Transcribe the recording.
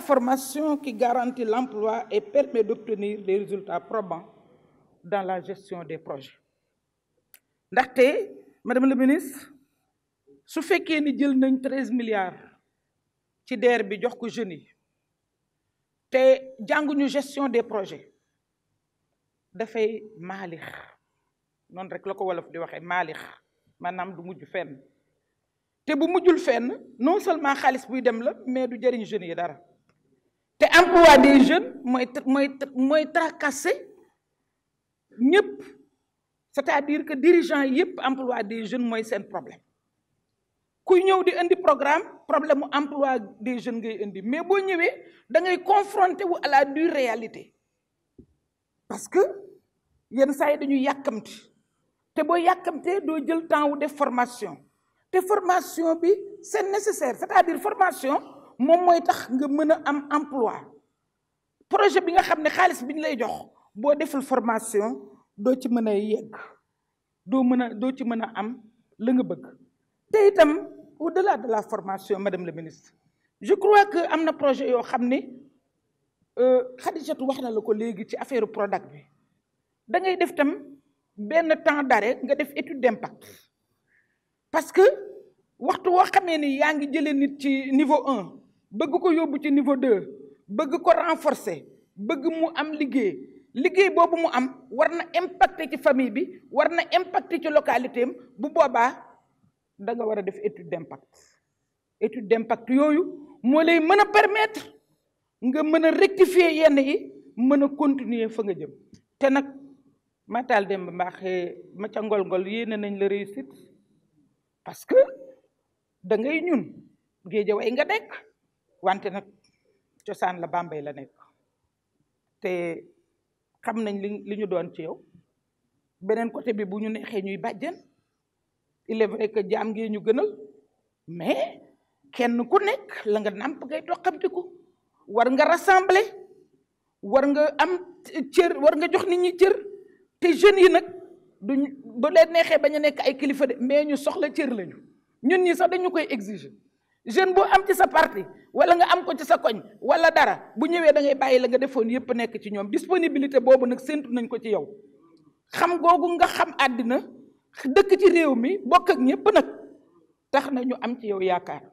formation qui garantit l'emploi et permet d'obtenir des résultats probants dans la gestion des projets ndaxte madame la ministre su fait ni nous avons 13 milliards ci DER bi jox ko jeunes té jangou gestion des projets fay maalix non rek la wolof di waxee maalix manam du mujj fenn té bu mujjul fenn non seulement xaliss buy dem la mais du jëriñ dara te emploi des jeunes mooy mooy mooy c'est-à-dire que dirigeant dirigeants, emploi des jeunes c'est un problème kuy on di indi programme problème mu emploi des jeunes ngay indi mais boo ñëwee da ngay confronté wu à la dure réalité parce que yenn saa yi dañu yàkkamti te boo yàkkamtee doo jël temps wu def formation te formation bi c'est nécessaire c'est-à-dire formation moom mooy tax nga mën a am emploi projet bi nga xam ne xaalis bi ñu lay jox boo deful formation doo ci mën a yegg doo mën a doo ci mën a am la bëgg te itam au-delà de la formation madame la ministre je crois que am na projet yoo xam ne euh, Khadijatou wax na la ko léegi ci affaire Prodac bi da ngay def tam benn temps d'arrêt nga def étude d'impact parce que waxtu woo xamee ni yaa ngi jëlee nit ci niveau un bëgg ko yóbbu ci niveau deux bëgg ko renforcer bëgg mu am liggéey liggéey boobu mu am war na impact ci famille bi war na impact ci localité am bu boobaa da nga war a def étude d'impact étude d'impact yooyu moo lay mën a permettre nga mën a rectifier yenn yi mën a continuer fa nga jëm te nag Matal Demba Mbaxé ma ca ngol-ngol yéene nañ la réussite parce que da ngay ñun Guédiawaye nga nekk. wante nag cosaan la Bambey la nekk te xam nañ li li ñu doon ci beneen côté bi bu ñu neexee ñuy bàjjen il est vrai que jaam ngee ñu gënal mais kenn ku nekk la nga nàmp ngay toqamtiku war nga rassembler war nga am cër war nga jox ni ñi cër te jeunes yi nag duñ bu leen neexee ba a nekk ay kilifa de mais ñu soxla cër lañu ñun ñi sax dañu koy exiger. jeune boo am ci sa parti wala nga am ko ci sa koñ wala dara bu ñëwee da bàyyi la nga defoon yëpp nekk ci ñoom disponibilité boobu nag séntu nañ ko ci yow xam googu ngax xam àddina dëkk ci réew mi bokk ak ñëpp nag tax na ñu am ci yow yaakaar.